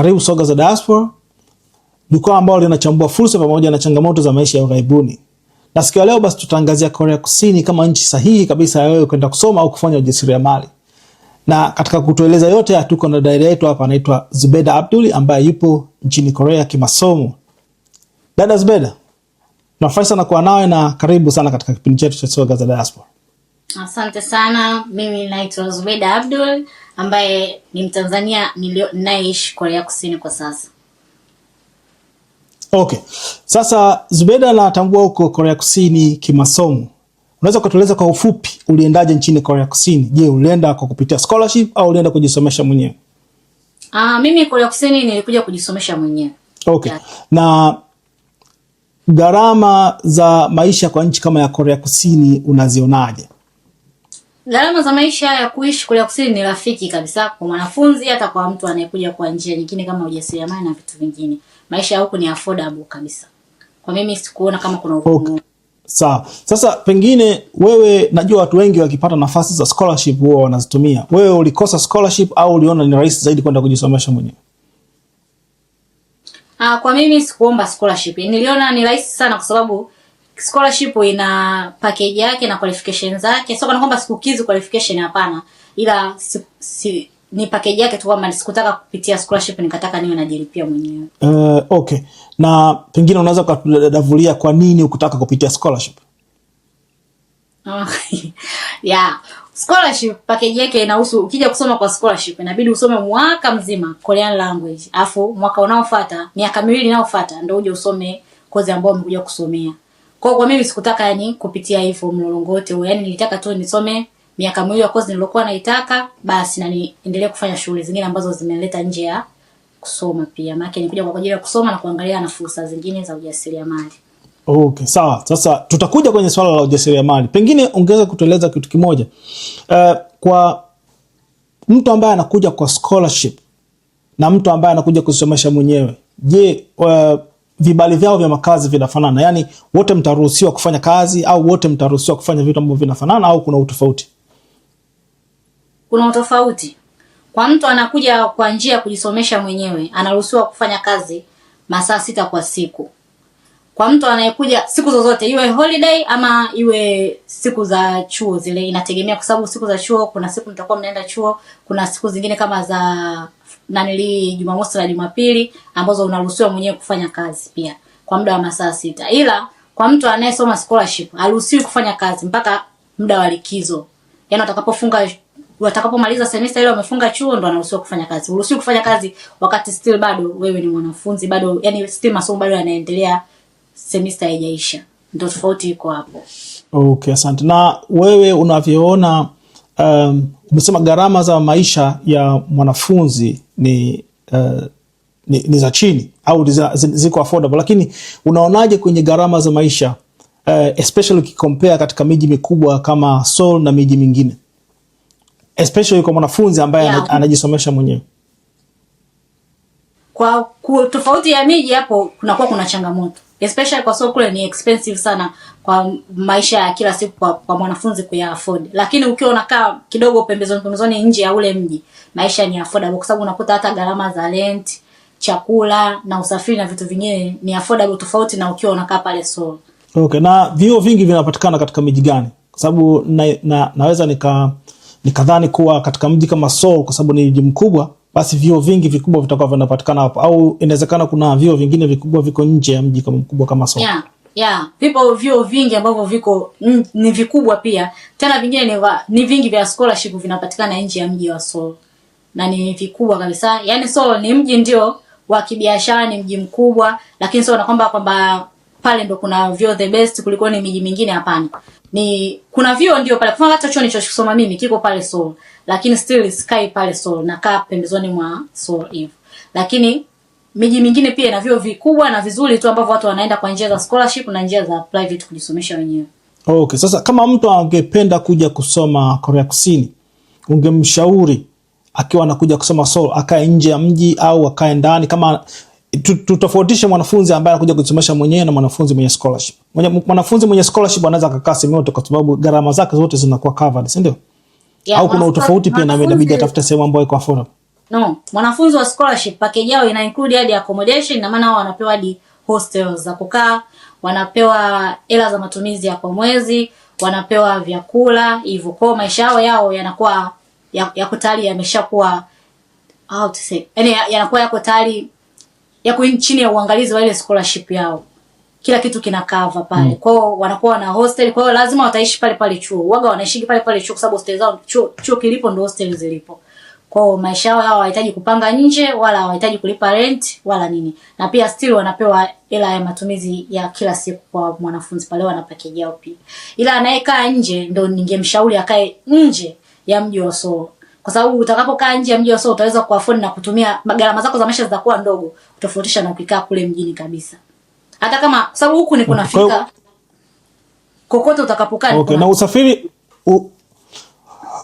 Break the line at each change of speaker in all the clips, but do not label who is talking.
Karibu Soga za Diaspora, jukwaa ambalo linachambua fursa pamoja na changamoto za maisha ya ughaibuni. Na siku ya leo basi tutaangazia Korea Kusini kama nchi sahihi kabisa ya wewe kwenda kusoma au kufanya ujasiriamali. Na katika kutueleza yote ya tuko na dada yetu hapa anaitwa Zubeda Abduli ambaye yupo nchini Korea kimasomo. Dada Zubeda, nafurahi sana kuwa nawe na karibu sana katika kipindi chetu cha Soga za Diaspora.
Asante sana. Mimi naitwa Zubeda Abdul ambaye ni Mtanzania ninayeishi Korea Kusini kwa sasa.
Okay. Sasa Zubeda anatambua huko Korea Kusini kimasomo. Unaweza ukatueleza kwa ufupi uliendaje nchini Korea Kusini? Je, ulienda kwa kupitia scholarship au ulienda kujisomesha mwenyewe?
Ah, mimi Korea Kusini nilikuja kujisomesha mwenyewe.
Okay. ya. Na gharama za maisha kwa nchi kama ya Korea Kusini unazionaje?
Gharama za maisha ya kuishi Korea Kusini ni rafiki kabisa kwa mwanafunzi, hata kwa mtu anayekuja kwa njia nyingine kama ujasiriamali na vitu vingine. Maisha ya huku ni affordable kabisa. Kwa mimi sikuona kama kuna ugumu. Okay.
Sawa. Sasa pengine wewe, najua watu wengi wakipata nafasi za scholarship huwa wanazitumia. Wewe ulikosa scholarship au uliona ni rahisi zaidi kwenda kujisomesha mwenyewe?
Ah, kwa mimi sikuomba scholarship. Niliona ni rahisi sana kwa sababu scholarship ina package yake na qualification zake, sio kana kwamba sikukizi qualification, hapana, ila si, si, ni package yake tu, kwamba sikutaka kupitia scholarship, nikataka niwe najilipia mwenyewe.
Uh, okay, na pengine unaweza ukadavulia kwa nini ukutaka kupitia scholarship?
yeah. Scholarship package yake inahusu ukija kusoma kwa scholarship inabidi usome mwaka mzima Korean language, afu mwaka unaofuata miaka miwili inayofuata ndio uje usome kozi ambayo umekuja kusomea. Kwa kwa mimi sikutaka yani kupitia hivyo mlolongo wote huo. Yaani nilitaka tu nisome miaka miwili ya course nilikuwa naitaka basi na niendelee kufanya shughuli zingine ambazo zimeleta nje ya kusoma pia. Maana nilikuja kwa ajili ya kusoma na kuangalia na fursa zingine za ujasiriamali.
Okay, sawa. Sasa tutakuja kwenye swala la ujasiriamali. Pengine ungeweza kutueleza kitu kimoja. Uh, kwa mtu ambaye anakuja kwa scholarship na mtu ambaye anakuja kusomesha mwenyewe. Je, uh, vibali vyao vya makazi vinafanana, yani wote mtaruhusiwa kufanya kazi au wote mtaruhusiwa kufanya vitu ambavyo vinafanana au kuna utofauti?
Kuna utofauti. Kwa mtu anakuja kwa njia ya kujisomesha mwenyewe, anaruhusiwa kufanya kazi masaa sita kwa siku kwa mtu anayekuja siku zozote, iwe holiday ama iwe siku za chuo zile, inategemea kwa sababu siku za chuo, kuna siku mtakuwa mnaenda chuo, kuna siku zingine kama za nanili Jumamosi na Jumapili ambazo unaruhusiwa mwenyewe kufanya kazi pia kwa muda wa masaa sita, ila kwa mtu anayesoma scholarship haruhusiwi kufanya kazi mpaka muda wa likizo, yani watakapofunga watakapomaliza semester ile wamefunga chuo ndo wanaruhusiwa kufanya kazi. Uruhusiwi kufanya kazi wakati still bado wewe ni mwanafunzi bado, yani still masomo bado yanaendelea semester haijaisha, ndio tofauti iko hapo.
Okay, asante. Na wewe unavyoona, um, umesema gharama za maisha ya mwanafunzi ni uh, ni, ni za chini au ziko affordable, lakini unaonaje kwenye gharama za maisha uh, especially ukikompea katika miji mikubwa kama Seoul na miji mingine especially kwa mwanafunzi ambaye yeah, anajisomesha mwenyewe
kwa tofauti ya miji hapo kunakuwa kuna changamoto especially kwa sababu kule ni expensive sana kwa maisha ya kila siku kwa, kwa mwanafunzi kuya afford, lakini ukiwa unakaa kidogo pembezoni pembezoni nje ya ule mji maisha ni affordable, kwa sababu unakuta hata gharama za rent, chakula na usafiri na vitu vingine ni affordable, tofauti na ukiwa unakaa pale Solo.
Okay, na vyuo vingi vinapatikana katika miji gani? Kwa sababu na, na, naweza nika nikadhani kuwa katika mji kama Seoul kwa sababu ni mji mkubwa basi vyuo vingi vikubwa vitakuwa vinapatikana hapo, au inawezekana kuna vyuo vingine vikubwa viko nje ya mji mkubwa kama soko yeah,
yeah. Vipo vyuo vingi ambavyo viko mm, ni vikubwa pia tena, vingine ni, va, ni vingi vya scholarship vinapatikana nje ya mji wa Songwe na ni vikubwa kabisa. yaani Songwe ni mji ndio wa kibiashara, ni mji mkubwa, lakini sio na kwamba kwamba pale ndo kuna vyuo the best kuliko ni miji mingine. Hapana, ni kuna vyuo ndio pale, kwa hata chuo nilichosoma mimi kiko pale Songwe lakini still sikai pale Seoul, nakaa pembezoni mwa Seoul hivyo. Lakini miji mingine pia ina vyuo vikubwa na vizuri tu ambavyo watu wanaenda kwa njia za scholarship na njia za private kujisomesha wenyewe.
Okay, sasa kama mtu angependa kuja kusoma Korea Kusini, ungemshauri akiwa anakuja kusoma Seoul akae nje ya mji au akae ndani? Kama tutofautishe mwanafunzi ambaye anakuja kujisomesha mwenyewe na mwanafunzi mwenye scholarship. Mwanafunzi mwenye scholarship anaweza akakaa sehemu yote, kwa sababu gharama zake zote zinakuwa covered, si ndio? au kuna utofauti pia, na inabidi atafute sehemu ambayo iko affordable?
No, mwanafunzi wa scholarship package yao ina include hadi accommodation, na maana wao wanapewa hadi hostels za kukaa, wanapewa hela za matumizi ya kwa mwezi, wanapewa vyakula hivyo. Kwa maisha yao yao yanakuwa ya, ya kutali yameshakuwa how to say, yanakuwa yako tayari yako chini ya uangalizi wa ile scholarship yao kila kitu kina kava pale. Mm. Kwao wanakuwa na hostel, kwao lazima wataishi pale pale chuo. Waga wanaishi pale pale chuo kwa sababu hostel zao chuo, chuo kilipo ndo hostel zilipo. Kwao maisha yao hawahitaji kupanga nje wala hawahitaji kulipa rent wala nini. Na pia still wanapewa hela ya matumizi ya kila siku kwa mwanafunzi pale wana package pia. Ila anayekaa nje ndo ningemshauri akae nje ya mji wa Solo. Kwa sababu utakapokaa nje ya mji wa Solo utaweza kuafford na kutumia gharama zako za maisha zitakuwa ndogo kutofautisha na ukikaa kule mjini kabisa hata kama sababu huku ni kunafika kokote utakapokaa.
Okay, na usafiri u,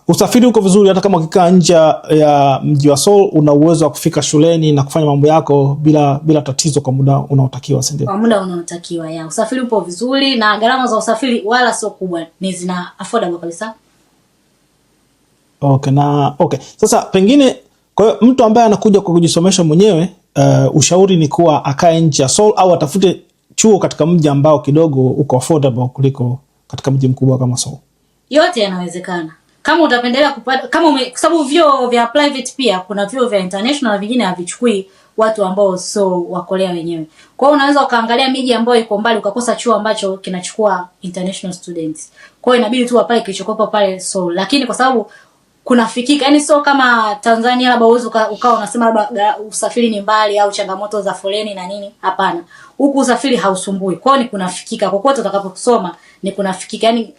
usafiri uko vizuri, hata kama ukikaa nje ya mji wa Seoul una uwezo wa kufika shuleni na kufanya mambo yako bila bila tatizo, kwa muda unaotakiwa, si ndio?
Kwa muda unaotakiwa, ya usafiri upo vizuri, na gharama za usafiri wala sio kubwa, ni zina affordable kabisa.
Okay, na okay, sasa pengine kwa hiyo mtu ambaye anakuja kwa kujisomesha mwenyewe uh, ushauri ni kuwa akae nje ya Seoul au atafute chuo katika mji ambao kidogo uko affordable kuliko katika mji mkubwa kama Seoul.
Yote yanawezekana kama utapendelea kupata kama, kwa sababu vyo vya private pia kuna vyo vya international na vingine havichukui watu ambao so wa Korea wenyewe. Kwa hiyo unaweza ukaangalia miji ambayo iko mbali ukakosa chuo ambacho kinachukua international students. Kwa hiyo inabidi tu wapae kilichokopa pale so Lakini kwa sababu kunafikika, yani sio kama Tanzania labda uwezo ukawa unasema labda usafiri ni mbali au changamoto za foleni na nini, hapana huku usafiri hausumbui. kwao ni kunafikika kokote utakaposoma ni kunafikika. Yaani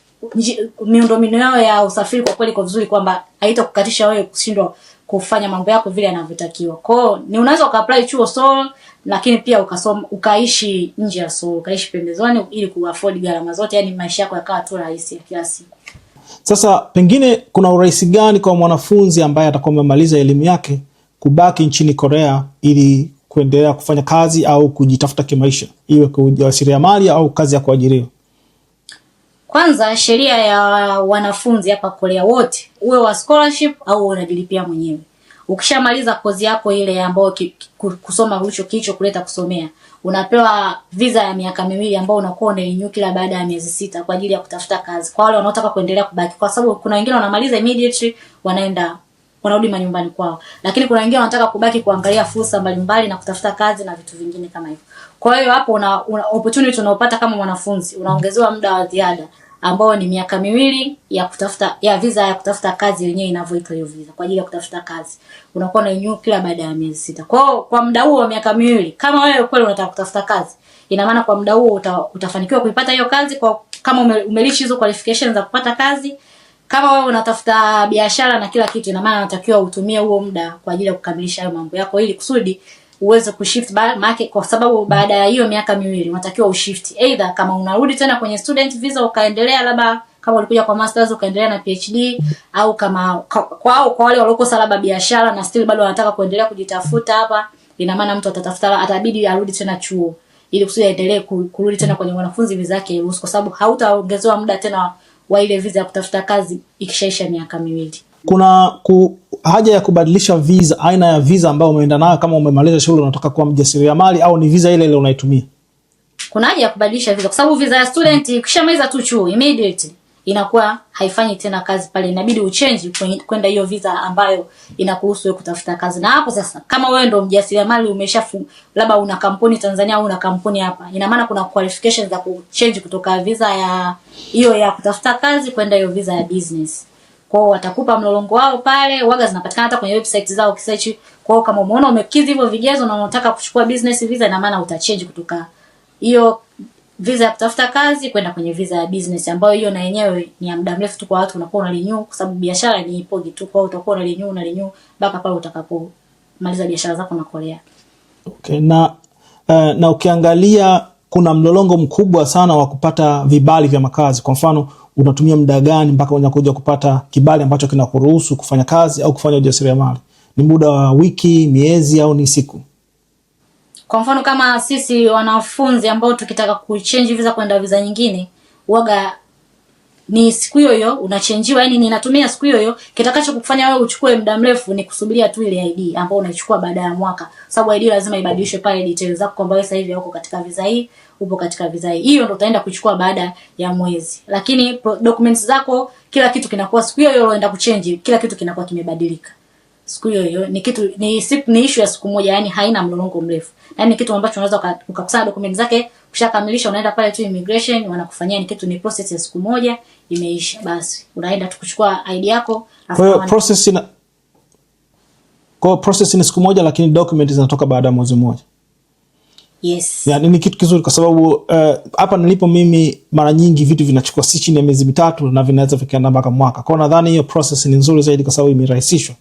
miundombinu yao ya usafiri kwa kweli kwa vizuri kwamba haita kukatisha wewe kushindwa kufanya mambo yako vile yanavyotakiwa. kwao ni unaweza ukaapply chuo Seoul lakini pia ukasoma ukaishi nje ya Seoul, ukaishi pembezoni ili kuafford gharama zote, yani maisha yako yakawa tu rahisi ya kiasi
Sasa pengine kuna urahisi gani kwa mwanafunzi ambaye atakuwa amemaliza elimu yake kubaki nchini Korea ili kuendelea kufanya kazi au kujitafuta kimaisha, iwe mali au kazi ya kuajiriwa.
Kwanza, sheria ya wanafunzi hapa Korea wote, uwe wa scholarship au unajilipia mwenyewe. Ukishamaliza kozi yako ile ambayo kusoma ulicho kicho kuleta kusomea, unapewa visa ya miaka miwili ambayo unakuwa unainyu kila baada ya miezi sita kwa ajili ya kutafuta kazi, kwa wale wanaotaka kuendelea kubaki, kwa sababu kuna wengine wanamaliza immediately wanaenda wanarudi manyumbani kwao, lakini kuna wengine wanataka kubaki kuangalia fursa mbalimbali na kutafuta kazi na vitu vingine kama hivyo. Kwa hiyo hapo una, una opportunity unaopata kama mwanafunzi, unaongezewa muda wa ziada ambao ni miaka miwili ya kutafuta ya visa ya kutafuta kazi yenyewe inavyoitwa hiyo visa kwa ajili ya kutafuta kazi. Unakuwa na renew kila baada ya miezi sita. Kwa hiyo kwa muda huo wa miaka miwili kama wewe kweli unataka kutafuta kazi, ina maana kwa muda huo uta, utafanikiwa kuipata hiyo kazi kwa kama umelishi hizo qualifications za kupata kazi kama wewe unatafuta biashara na kila kitu, ina maana unatakiwa utumie huo muda kwa ajili ya kukamilisha hayo mambo yako, ili kusudi uweze kushift make kwa sababu baada ya hiyo miaka miwili unatakiwa ushift, either kama unarudi tena kwenye student visa ukaendelea, labda kama ulikuja kwa masters ukaendelea na PhD, au kama kwao, kwa wale waliokosa labda biashara na still bado wanataka kuendelea kujitafuta hapa, ina maana mtu atatafuta, atabidi arudi tena chuo ili kusudi aendelee kurudi tena kwenye wanafunzi visa yake kwa sababu hautaongezewa muda tena wa ile visa ya kutafuta kazi ikishaisha miaka miwili.
Kuna ku, haja ya kubadilisha visa, aina ya visa ambayo umeenda nayo kama umemaliza shule unataka kuwa mjasiriamali au ni visa ile ile unaitumia?
Kuna haja ya kubadilisha visa kwa sababu visa ya student ikishamaliza tu chuo immediately inakuwa haifanyi tena kazi pale, inabidi uchenji kwenda hiyo visa ambayo inakuhusu wewe kutafuta kazi. Na hapo sasa, kama wewe ndio mjasiriamali umeshafu, labda una kampuni Tanzania au una kampuni hapa, ina maana kuna qualifications za kuchange kutoka visa ya hiyo ya kutafuta kazi kwenda hiyo visa ya business. Kwa hiyo watakupa mlolongo wao pale, waga zinapatikana hata kwenye website zao kisearch Kwa hiyo kama umeona umekidhi hivyo vigezo na unataka kuchukua business visa, ina maana utachange kutoka hiyo visa ya kutafuta kazi kwenda kwenye visa ya business, ambayo hiyo na yenyewe ni ya muda mrefu tu kwa watu, unakuwa unalinyu kwa sababu biashara ni ipogi tu, kwa hiyo utakuwa unalinyu unalinyu mpaka pale utakapomaliza biashara zako na kolea.
Okay, na uh, na ukiangalia kuna mlolongo mkubwa sana wa kupata vibali vya makazi. Kwa mfano, unatumia muda gani mpaka unakuja kupata kibali ambacho kinakuruhusu kufanya kazi au kufanya ujasiriamali? Ni muda wa wiki, miezi au ni siku?
Kwa mfano kama sisi wanafunzi ambao tukitaka kuchange visa kwenda visa nyingine, waga ni siku hiyo hiyo unachenjiwa, yani ninatumia siku hiyo hiyo. Kitakacho kufanya wewe uchukue muda mrefu ni kusubiria tu ile ID ambayo unaichukua baada ya mwaka, sababu ID lazima ibadilishwe pale details zako, kwamba wewe sasa hivi uko katika visa hii, upo katika visa hii. Hiyo ndio utaenda kuchukua baada ya mwezi, lakini documents zako, kila kitu kinakuwa siku hiyo hiyo unaenda kuchange, kila kitu kinakuwa kimebadilika siku hiyo hiyo. Ni kitu ni, ni issue ya siku moja, yani haina mlolongo mrefu, yani kitu ambacho unaweza ukakusanya document zake, ushakamilisha unaenda pale tu immigration wanakufanyia, ni kitu ni process ya siku moja, imeisha basi, unaenda tu kuchukua ID yako.
Kwa hiyo process ina kwa process ni siku moja, lakini document zinatoka baada ya mwezi mmoja. Yes. Yaani ni kitu kizuri kwa sababu eh, hapa uh, nilipo mimi mara nyingi vitu vinachukua si chini ya miezi mitatu na vinaweza vikaenda mpaka mwaka. Kwa nadhani hiyo process ni nzuri zaidi kwa sababu imerahisishwa.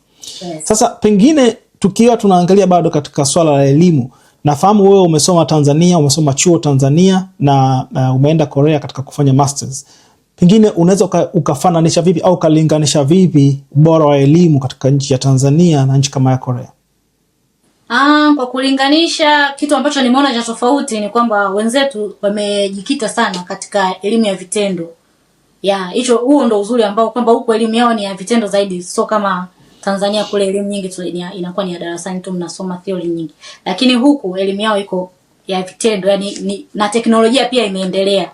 Sasa pengine tukiwa tunaangalia bado katika swala la elimu, nafahamu wewe umesoma Tanzania, umesoma chuo Tanzania na uh, umeenda Korea katika kufanya masters. Pengine unaweza ukafananisha vipi au ukalinganisha vipi ubora wa elimu katika nchi ya Tanzania na nchi kama ya Korea?
Ah, kwa kulinganisha kitu ambacho nimeona cha tofauti ni kwamba wenzetu wamejikita sana katika elimu ya vitendo. Ya, hicho huo ndo uzuri ambao kwamba huko elimu yao ni ya vitendo zaidi, sio kama Tanzania kule elimu nyingi tu inakuwa ni ya darasani tu, mnasoma theory nyingi, lakini huku elimu yao iko ya vitendo, yani ni, na teknolojia pia imeendelea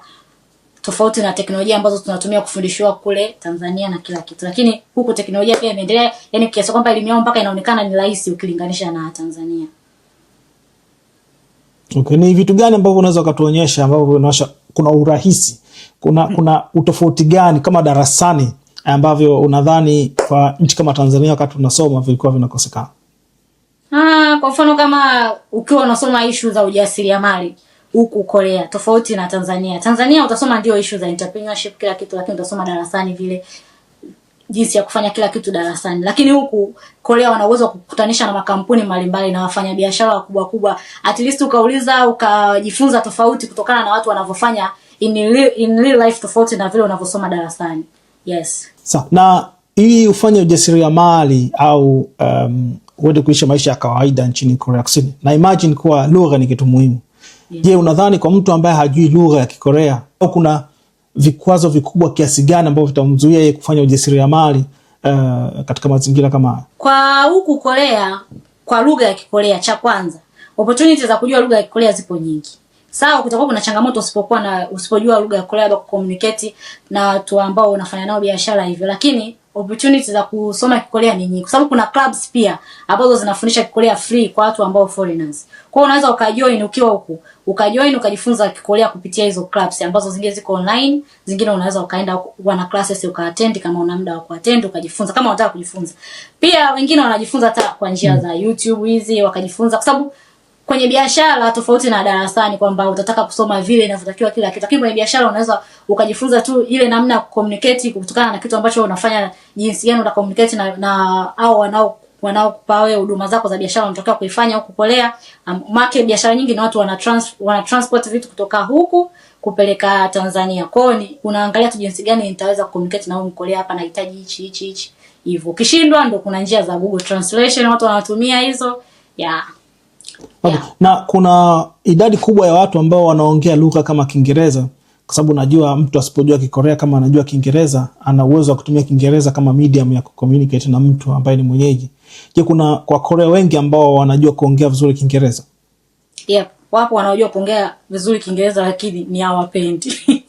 tofauti na teknolojia ambazo tunatumia kufundishwa kule Tanzania na kila kitu, lakini huku teknolojia pia imeendelea, yani kiasi kwamba elimu yao mpaka inaonekana ni rahisi ukilinganisha na Tanzania.
Okay, ni vitu gani ambavyo unaweza ukatuonyesha ambavyo kuna urahisi, kuna kuna utofauti gani kama darasani ambavyo unadhani kwa nchi kama Tanzania wakati tunasoma vilikuwa vinakosekana?
Ah, kwa mfano kama ukiwa unasoma ishu za ujasiriamali huku Korea tofauti na Tanzania. Tanzania utasoma ndio ishu za entrepreneurship kila kitu, lakini utasoma darasani vile jinsi ya kufanya kila kitu darasani, lakini huku Korea wana uwezo wa kukutanisha na makampuni mbalimbali na wafanyabiashara wakubwa kubwa, at least ukauliza ukajifunza tofauti kutokana na watu wanavyofanya in real, in real life tofauti na vile unavyosoma darasani. Yes.
Sa, na ili ufanye mali au um, uende kuisha maisha ya kawaida nchini Korea Kusini, na imagine kuwa lugha ni kitu muhimu yeah. Je, unadhani kwa mtu ambaye hajui lugha ya Kikorea au kuna vikwazo vikubwa kiasi gani ambavyo vitamzuia yeye kufanya mali uh, katika mazingira kama haya?
Kwa huku Korea, kwa lugha ya Kikorea, cha kwanza opportunity za kujua lugha ya Kikorea zipo nyingi Sawa, kutakuwa kuna changamoto usipokuwa na usipojua lugha ya Korea au communicate na watu ambao unafanya nao biashara hivyo, lakini opportunity za kusoma Kikorea ni nyingi, kwa sababu kuna clubs pia ambazo zinafundisha Kikorea free kwa watu ambao foreigners. Kwa hiyo unaweza ukajoin ukiwa huku, ukajoin ukajifunza Kikorea kupitia hizo clubs ambazo zingine ziko online, zingine unaweza ukaenda wana classes ukaattend, kama una muda wa kuattend ukajifunza, kama unataka kujifunza. Pia wengine wanajifunza hata kwa njia za YouTube hizi wakajifunza, kwa sababu kwenye biashara tofauti na darasani kwamba utataka kusoma vile inavyotakiwa kila kitu, lakini kwenye biashara unaweza ukajifunza tu ile namna ya kucommunicate kutokana na kitu ambacho unafanya, jinsi gani una communicate na, na au wanao wanaokupa wewe huduma zako za biashara unatokea kuifanya huku Korea. Um, make biashara nyingi na watu wana, trans, wana transport vitu kutoka huku kupeleka Tanzania. Kwa hiyo unaangalia tu jinsi gani nitaweza kucommunicate na huko Korea hapa nahitaji hichi hichi hichi. Hivyo ukishindwa, ndio kuna njia za Google Translation watu wanatumia hizo. Yeah.
Okay. Yeah. Na kuna idadi kubwa ya watu ambao wanaongea lugha kama Kiingereza kwa sababu najua mtu asipojua Kikorea kama anajua Kiingereza ana uwezo wa kutumia Kiingereza kama medium ya kucommunicate na mtu ambaye ni mwenyeji. Je, kuna kwa Korea wengi ambao wanajua kuongea vizuri Kiingereza?
Yep. Wapo wanaojua kuongea vizuri Kiingereza lakini ni hawapendi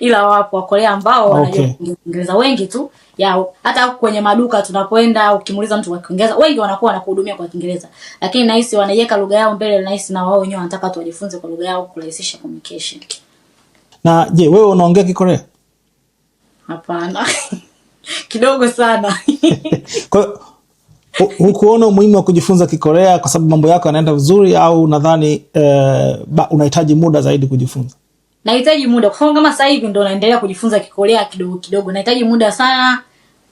ila wapo Wakorea ambao wanajua okay. wengi tu ya hata kwenye maduka tunapoenda, ukimuuliza mtu wa Kiingereza, wengi wanakuwa wanakuhudumia kwa Kiingereza, lakini nahisi wanaiweka lugha yao mbele, nahisi na wao wenyewe wanataka tuwajifunze kwa lugha yao kurahisisha communication.
Na je, wewe unaongea Kikorea?
Hapana. kidogo sana
kwa hukuona umuhimu wa kujifunza Kikorea kwa sababu mambo yako yanaenda vizuri, au nadhani eh, unahitaji muda zaidi kujifunza?
nahitaji muda, kwa sababu kama sasa hivi ndo naendelea kujifunza Kikorea kidogo kidogo, nahitaji muda sana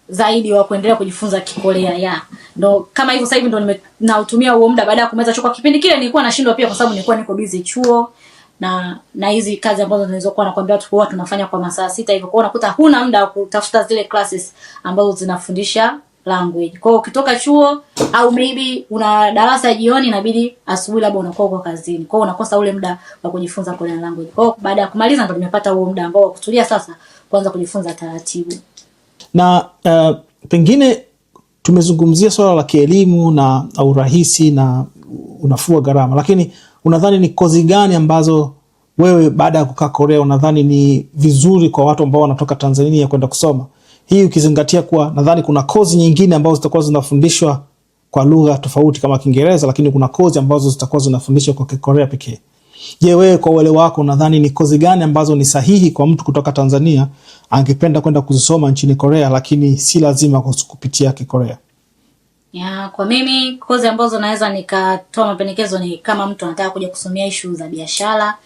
zaidi wa kuendelea kujifunza Kikorea ya ndo kama hivyo. Sasa hivi ndo nautumia huo muda baada ya kumaliza chuo. Kwa kipindi kile nilikuwa nashindwa pia, kwa sababu nilikuwa niko busy chuo na na hizi kazi ambazo nilizokuwa nakwambia kwa tunafanya kwa masaa sita hivyo, kwa unakuta huna muda wa kutafuta zile classes ambazo zinafundisha language. Kwa ukitoka chuo au maybe una darasa jioni, inabidi asubuhi labda unakuwa uko kazini, kwa hiyo unakosa ule muda wa kujifunza Korean language. Kwa hiyo baada ya kumaliza ndo nimepata huo muda ambao wa kutulia sasa, kuanza kujifunza taratibu.
Na uh, pengine tumezungumzia swala la kielimu na urahisi na unafuu wa gharama, lakini unadhani ni kozi gani ambazo wewe baada ya kukaa Korea unadhani ni vizuri kwa watu ambao wanatoka Tanzania kwenda kusoma? Hii ukizingatia kuwa nadhani kuna kozi nyingine ambazo zitakuwa zinafundishwa kwa lugha tofauti kama Kiingereza, lakini kuna kozi ambazo zitakuwa zinafundishwa kwa Kikorea pekee. Je, wewe kwa uelewa wako unadhani ni kozi gani ambazo ni sahihi kwa mtu kutoka Tanzania angependa kwenda kuzisoma nchini Korea, lakini si lazima kupitia Kikorea?
Ya, kwa mimi kozi ambazo naweza nikatoa mapendekezo ni kama mtu anataka kuja kusomea ishu za biashara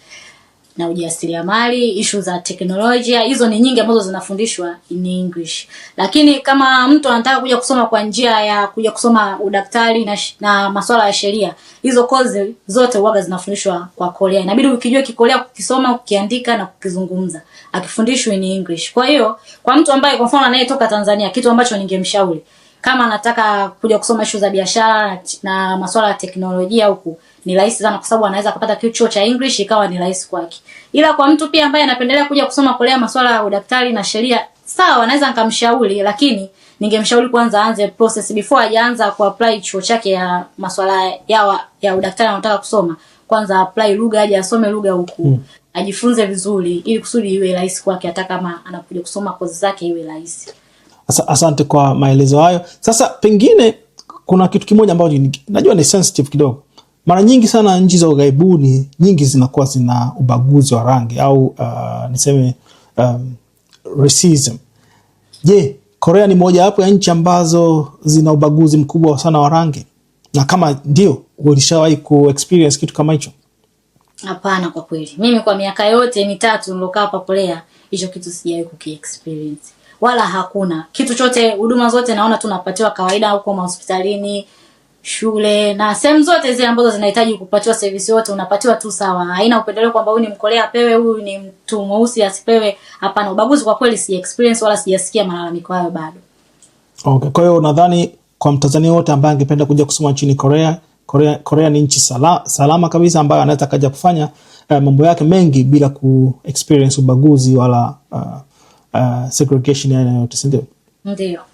na ujasiriamali, ishu za teknolojia, hizo ni nyingi ambazo zinafundishwa in English. Lakini kama mtu anataka kuja kusoma kwa njia ya kuja kusoma udaktari na, na masuala ya sheria, hizo kozi zote uwaga zinafundishwa kwa Korea. Inabidi ukijua Kikorea kukisoma, kukiandika na kukizungumza. Akifundishwi in English. Kwa hiyo, kwa mtu ambaye kwa mfano anayetoka Tanzania, kitu ambacho ningemshauri kama anataka kuja kusoma ishu za biashara na masuala ya teknolojia huku ni rahisi sana, kwa sababu anaweza akapata kichuo cha English ikawa ni rahisi kwake. Ila kwa mtu pia ambaye anapendelea kuja kusoma kulea masuala ya udaktari na sheria, sawa, anaweza nikamshauri, lakini ningemshauri kwanza aanze process before ajaanza ku apply chuo chake ya masuala ya, wa, ya udaktari anataka kusoma, kwanza apply lugha, aje asome lugha huku mm. ajifunze vizuri, ili kusudi iwe rahisi kwake, hata kama anakuja kusoma kozi zake iwe rahisi.
Asa, Asante kwa maelezo hayo. Sasa pengine kuna kitu kimoja ambacho najua ni sensitive kidogo mara nyingi sana nchi za ughaibuni nyingi zinakuwa zina ubaguzi wa rangi au uh, niseme um, racism. Je, Korea ni mojawapo ya nchi ambazo zina ubaguzi mkubwa sana wa rangi? Na kama ndio, ulishawahi ku kitu kama hicho?
Hapana, kwa kweli mimi kwa miaka yote mitatu nilokaa hapa Korea hicho kitu sijawai kuki wala hakuna kitu chote, huduma zote naona tunapatiwa kawaida huko mahospitalini shule na sehemu zote zile ambazo zinahitaji kupatiwa service yote unapatiwa tu sawa. Haina upendeleo kwamba huyu ni mkolea apewe, huyu ni mtu mweusi asipewe. Hapana, ubaguzi kwa kweli si experience wala sijasikia malalamiko hayo bado.
Okay, kwa hiyo nadhani kwa Mtanzania wote ambaye angependa kuja kusoma nchini Korea, Korea, Korea ni nchi sala, salama kabisa ambayo anaweza kaja kufanya uh, mambo yake mengi bila ku experience ubaguzi wala uh, uh, segregation ya yote, ndio?
Ndio.